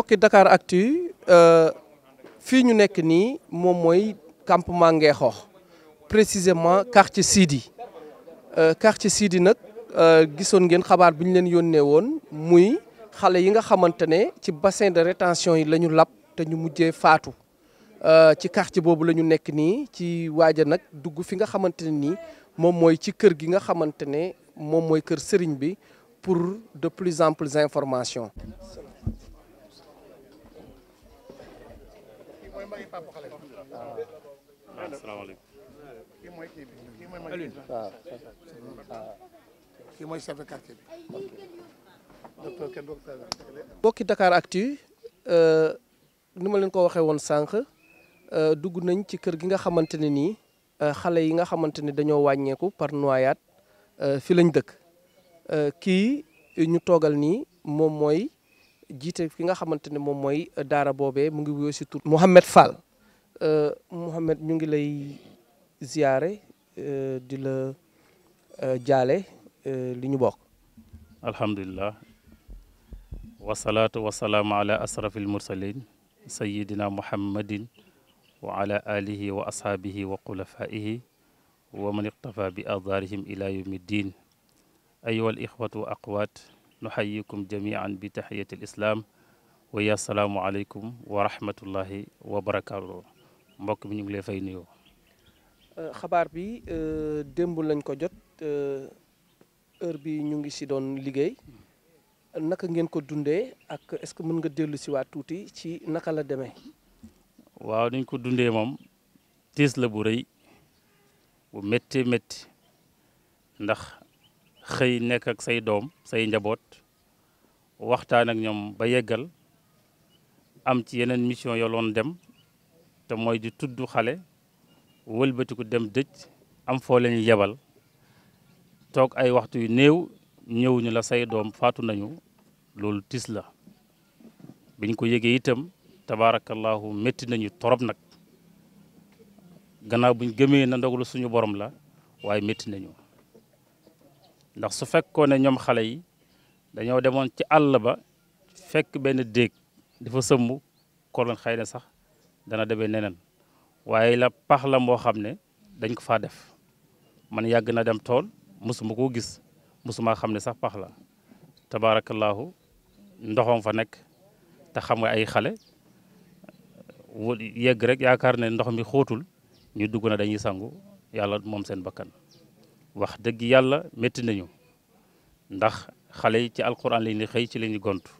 mbokki Dakar Actu euh, ñu nekk nii moom mooy campement Ngeexoox précisément quartier Sidi euh, quartier Sidi euh gisoon ngeen xabar buñ leen yónnee woon muy xalé yi nga xamantene ci bassin de rétention yi lañu ñu lab te ñu mujjee faatu euh, ci quartier bobu lañu ñu nekk nii ci waaja nak dugg fi nga xamantene, ni mom moy ci kër gi nga xamantene mom moy kër sëriñ bi pour de plus amples informations. mooy Papa Xale. waaw waaw asalaamaaleykum. kii mooy kii bokki Dakar Actu euh, ni ma leen ko euh, dugg nañ ci kër gi nga euh, yi nga par noyade fi lañ dëkk kii ñu jité fi nga xamanténi mom moy mooy daara boobee mu ngi wuyoo ci tour mohammed Fall euh mohammed ñu ngi lay ziaré euh di la euh li ñu bokk alhamdulilah wasalaatu wasalaamu ala asrafil mursalin sayidina muhammadin wa ala alihi wa ashaabihi wa xulafaihi wa man iqtafa bi adaarihim ila yawmi ddin ayuha al نحييكم جميعا بتحية الإسلام ويا السلام عليكم ورحمة الله وبركاته mbokk mi ñu ngi lay fay nuyoo. xabaar bi démb lañ ko jot heure bi ñu ngi si doon liggéey naka ngeen ko dundee ak est-ce que mën nga dellu si waat tuuti ci naka la demee. waaw niñ ko dundee moom tiis la bu rëy bu métti métti ndax. xëy nekk ak say doom say njaboot waxtaan ak ñoom ba yeggal am ci yeneen mission yoloon dem te mooy di tudd xale wëlbatiku dem dëj am foo leen yebal toog ay waxtu yu néew ñëwuñu la say doom faatu nañu loolu tis la biñ ko yëgee itam tabaarakallahu metti nañu torop nag gannaaw buñ gëmee na ndogalu suñu borom la waaye métti nañu ndax su fekkoon ne ñoom xale yi dañoo demoon ci àll ba fekk benn déeg dafa sëmb kon xëy na sax dana demee neneen waaye la pax la moo xam ne dañ ko faa def man yàgg na dem tool mosuma koo gis mosuma xam ne sax pax la tabaarakallaahu ndoxom fa nekk te xam nga ay xale yegg rek yaakaar ne ndox mi xootul ñu dugg na dañuy sangu yàlla moom seen bakkan wax dëgg yàlla métti nañu ndax xale yi ci alquran lañuy xëy ci lañuy gontu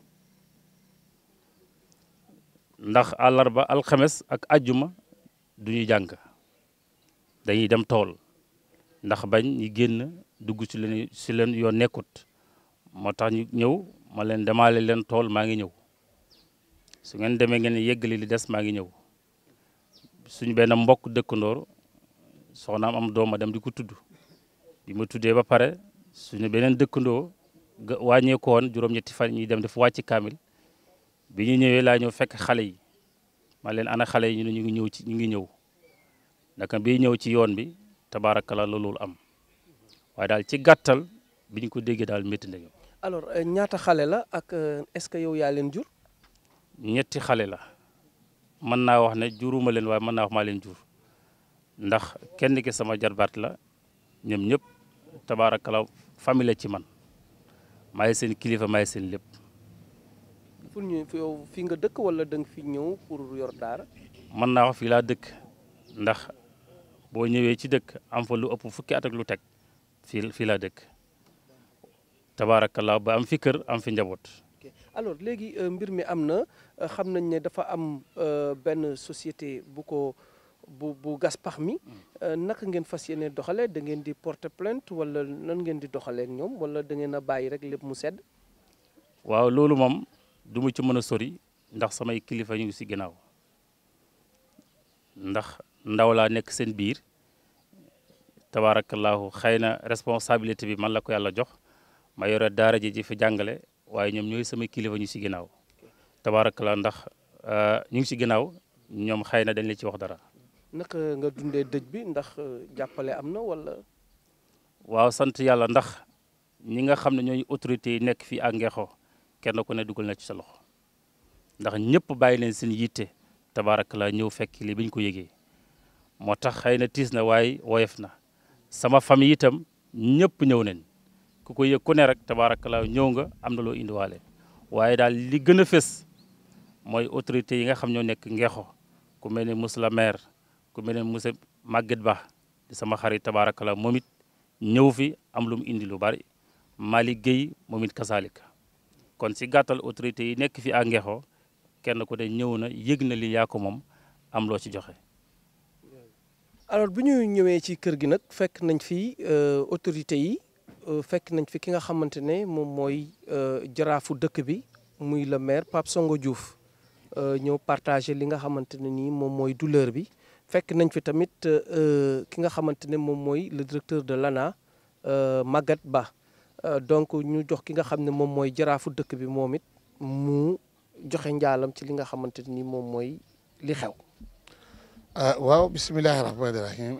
ndax àllarba alxemes ak àjjuma du ñu jàng dañuy dem tool ndax bañ ñu génn dugg ci leen si leen yoon nekkut moo tax ñu ñëw ma leen demale leen tool maa ngi ñëw su ngeen demee ngeen yeggali li des maa ngi ñëw suñu benn mbokk dëkkandoor soxnaam am dooma dem di ko tudd bi ma tuddee ba pare suñu beneen dëkkandoo wàññeeku woon juróom-ñetti fan ñuy dem dafa ci kaamil bi ñu ñëwee laa ñëw fekk xale yi ma leen ana xale yi ñu ne ñu ngi ñëw ci ñu ngi ñëw naka bii ñëw ci yoon bi tabaarakala la loolu am waaye daal ci gàttal bi ñu ko déggee daal métti na ñëw. alors euh, ñaata xale la ak euh, est-ce que yow yaa leen jur. ñetti xale la mën naa wax ne juruma leen waaye mën naa wax leen jur ndax kenn ki sama jarbaat la ñoom ñëpp. tabaarakala famille ci man maay seen kilifa may seen lépp. pour nga dëkk wala da nga fi ñëw pour yor daara. mën naa wax fii laa dëkk ndax boo ñëwee ci dëkk am fa lu ëpp fukki at ak lu teg fii fii laa dëkk tabaarakala ba am fi kër am fi njaboot. alors léegi euh, mbir mi am na euh, xam nañ ne dafa am euh, benn société bu ko. bu bu pax mi mm. euh, naka ngeen fas yéene doxale da ngeen di porter plainte wala nan ngeen di doxalee ak ñoom wala da ngeen a bàyyi rek lépp mu sedd. waaw loolu moom du mu ci mën a sori ndax samay kilifa ñu ngi si ginnaaw ndax ndaw laa nekk seen biir tabaarakallaahu xëy na responsabilité bi man la ko yàlla jox ma yore daara ji ji fi jàngale waaye ñoom ñooy samay kilifa ñu si ginnaaw tabaarakallaahu ndax euh, ñu ngi si ginnaaw ñoom xëy na dañ la ci wax dara. naka nga dundee dëj bi ndax euh, jàppale am na wala. waaw sant yàlla ndax ñi nga xam ne ñooy autorités yi nekk fii ak Ngexo kenn ku ne dugal na ci sa loxo ndax ñëpp bàyyi leen seen yitte tabaaraka la ñëw fekk li bi ñu ko yëgee moo tax xëy na tiis na waaye woyof na sama fami itam ñëpp ñëw nañ ku ko yëg ku ne rek tabaaraka la ñëw nga am na loo indiwaale waaye daal li gën a fës mooy autorités yi nga xam ñoo nekk Ngexo ku mel ni monsieur maire ku meneen ne monsieur Ba sama xarit tabaarakala moom it ñëw fi am lu mu indi lu bari Malick Guèye moom it kon si gàttal autorité yi nekk fi à Ngexo kenn ku ne ñëw na yëg na li yaa ko moom am loo ci joxe. alors bu ñu ñëwee ci kër gi nag fekk nañ fi euh, autorité yi euh, fekk nañ fi ki nga xamante ne moom mooy euh, jaraafu dëkk bi muy le maire Pape Songo Diouf ñëw partagé li nga xamante ne nii moom mooy douleur bi. fekk nañ fi tamit euh, euh, ki nga xamante ne moom le directeur de l'ANA euh, Maguette Ba donc ñu jox ki nga xam ne moom mooy jaraafu dëkk bi moom it mu joxe njaalam ci li nga xamante ni moom mooy li xew. ah waaw bisimilahi rahmaani rahim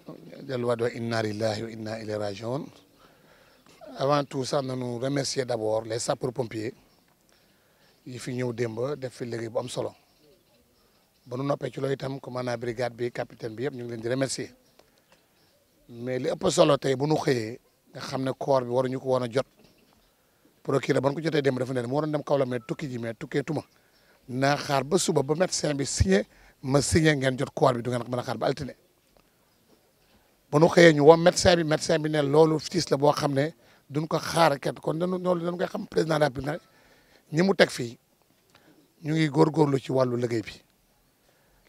inna lillahi wa inna ilayhi rajiun avant tout sax nañu remercier d'abord, les sapeurs pompiers yi fi ñëw démb def fi liggéey bu am solo. ba nu noppee ci loolu itam commandant brigade bi capitaine bi yëpp ñu ngi leen di remercier mais li ëpp solo tey ba nu xëyee nga xam ne corps bi waruñu ko woon a jot procureur ban ko jotee dem dafa ne mu waroon dem kaw la mais tukki ji mais tukkee tuma naa xaar ba suba ba médecin bi signé ma ngeen jot corps bi du ngeen mën a xaar ba altine ba nu xëyee ñu woo médecin bi médecin bi ne loolu fiis la boo xam ne duñ ko xaar kat kon dañu loolu dañ koy xam président de bi République ñi mu teg fii ñu ngi góorgóorlu ci wàllu liggéey bi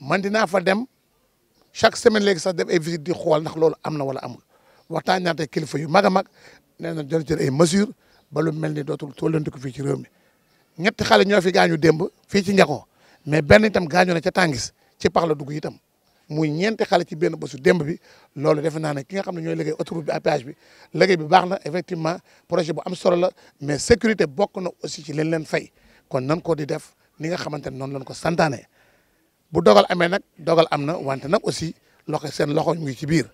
man dinaa fa dem chaque semaine léegi sax def ay visite di xool ndax loolu am na wala amul waxtaan naa tey kilifa yu mag a mag nee na jël jël ay mesures ba lu mel ni dootul tollanti ko fii ci réew mi ñetti xale ñoo fi gaañu démb fii ci Ndiakho mais benn itam gaañu na ca tàngis ci pax la dugg itam muy ñeenti xale ci benn bésu démb bi loolu defe naa ne ki nga xam ne ñooy liggéey autoroute bi à bi liggéey bi baax na effectivement projet bu am solo la mais sécurité bokk na aussi ci leen leen fay kon nan ko di def ni nga xamante ne noonu lañ ko santaane bu dogal amee nag dogal am na wante nag aussi loxo seen loxo mu ngi ci biir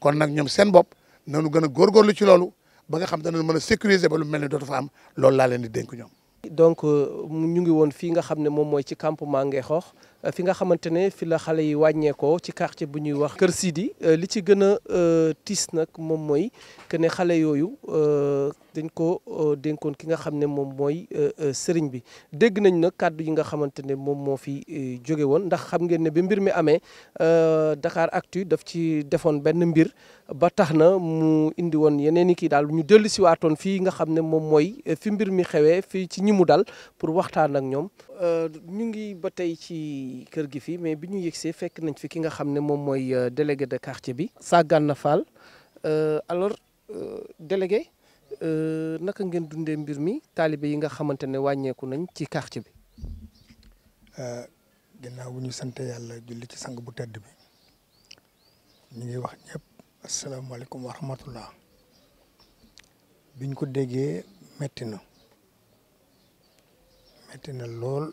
kon nag ñoom seen bopp nu gën a lu ci loolu ba nga xam danañ mën a sécuriser ba lu mel ni dootu fa am loolu laa leen di dénk ñoom. donc euh, ñu ngi woon fii nga xam ne moom mooy ci campement Nguékokh Euh, fi nga xamante ne fi la xale yi wàññeekoo ci quartier bu ñuy wax Kër Sidi euh, li ci gën a euh, tiis nag moom mooy que ne xale yooyu dañ ko dénkoon ki nga xam ne moom mooy sëriñ bi dégg nañ nag kàddu yi nga xamante ne moom moo fi jóge woon ndax xam ngeen ne bi mbir mi amee Dakaractu daf ci defoon benn mbir ba tax na indi woon yeneen i kii daal ñu dellu si fii nga xam ne moom mooy fi mbir mi xewee fii ci ñi mu dal pour waxtaan ak ñoom ñu ngi ba tey ci kër gi fii mais bi ñu yegsee fekk nañ fi ki nga xam ne moom mooy euh, délégué de quartier bi Sagana Fall euh, alors euh, délégué naka ngeen dundee mbir mi taalibe yi nga xamante ne wàññeeku nañ ci quartier bi ginnaaw bu ñu sant yàlla julli ci sang bu tedd bi ñu ngi wax ñëpp asalaamaaleykum wa rahmatullah biñ ko déggee metti na metti na lool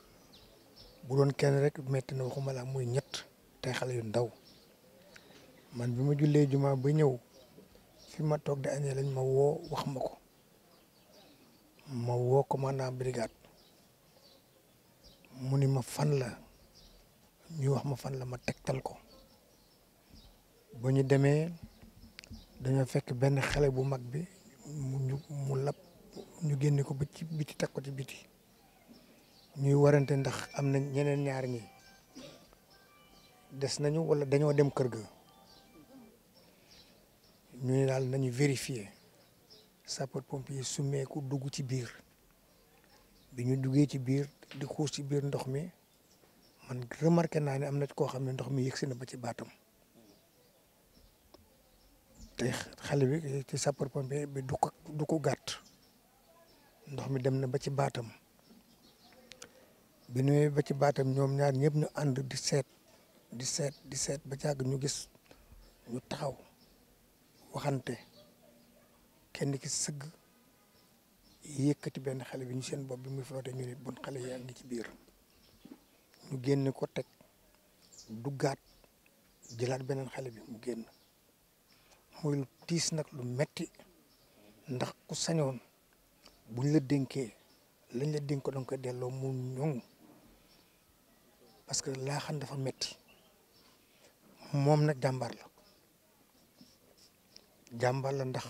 bu doon kenn rek métti na waxuma la muy ñett te xale yu ndaw man bi ma jullee juma ba ñëw fi ma toog di añee lañ ma woo wax ma ko ma woo commandant brigade mu ni ma fan la ñu wax ma fan la ma tegtal ko ba ñu demee dañoo fekk benn xale bu mag bi mu ñu mu lab ñu génne ko ba ci biti teg ko ci biti ñuy warante ndax am na ñeneen ñaar ñi des nañu wala dañoo dem kër ga ñu ne daal nañu vérifier sapeur pompier summeeku dugg ci biir bi ñu duggee ci biir di xuus ci biir ndox mi man remarqué naa ne am na koo xam ne ndox mi yëgsi na ba ci baatam te xale bi ci sapeur pompier bi du ko gàtt ndox mi dem na ba ci baatam. bi ñëwee ba ci baatam ñoom ñaar ñëpp ñu ànd di seet di seet di seet ba jàgg ñu gis ñu taxaw waxante kenn ki sëgg yëkkati benn xale bi ñu seen bopp bi muy flotté ñu ne bon xale yaa ngi ci biir ñu génn ko teg duggaat jëlaat beneen xale bi mu génn muy tiis nag lu metti ndax ku sañoon buñ la dénkee lañ la dénk ko delloo mu ñoŋ parce que laaxan dafa metti mom nak jambar la jambar la ndax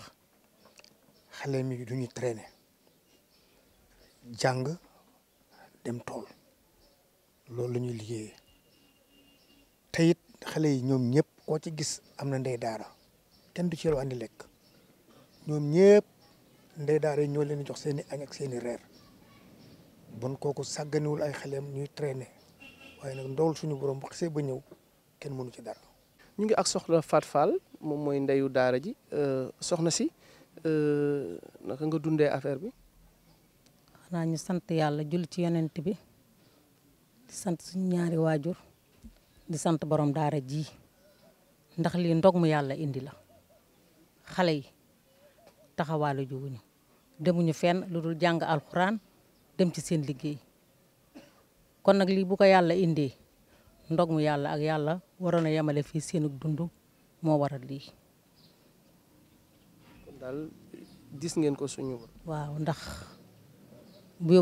xalé mi duñu ñu traîner jàng dem tol lolou lañuy ñuy tayit xalé yi ñom ñepp ko ci gis amna ndey daara kenn du ci lo andi lek ñom ñepp ndey daara ñoo leen jox seeni ak seeni bon koku ay xaleem ñuy traîner. waaye nag ndawal suñu borom bu xasee ba ñëw kenn mënu ci dara. ñu ngi ak soxla Fat Fall moom mooy ndeyu daara ji euh, soxna si euh, naka nga dundee affaire bi. xanaa ñu sant yàlla julli ci yonent bi di sant suñu ñaari waajur di sant borom daara ji ndax lii ndog mu yàlla indi la xale yi taxawaalu juwuñu demuñu fenn lu dul jàng alxuraan dem ci seen liggéey kon nag lii bu ko yàlla indee ndog mu yàlla ak yàlla waroon a yemale fii seenug dund moo waral lii. kon daal gis ngeen ko suñu. waaw ndax bu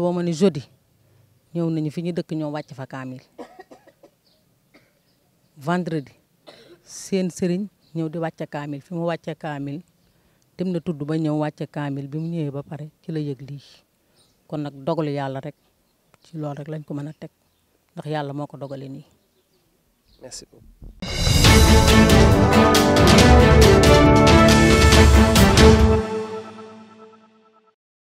ñëw nañu fi ñu dëkk ñoom wàcc fa kaamil vendredi seen sëriñ ñëw di wàcce kaamil fi mu wàcce kaamil dem na tudd ba ñëw wàcce kaamil bi mu ñëwee ba pare ci la yëg lii kon nag dogalu yàlla rek. ci loolu rek lañ ko mën a teg ndax yàlla moo ko dogale nii merci beaucoup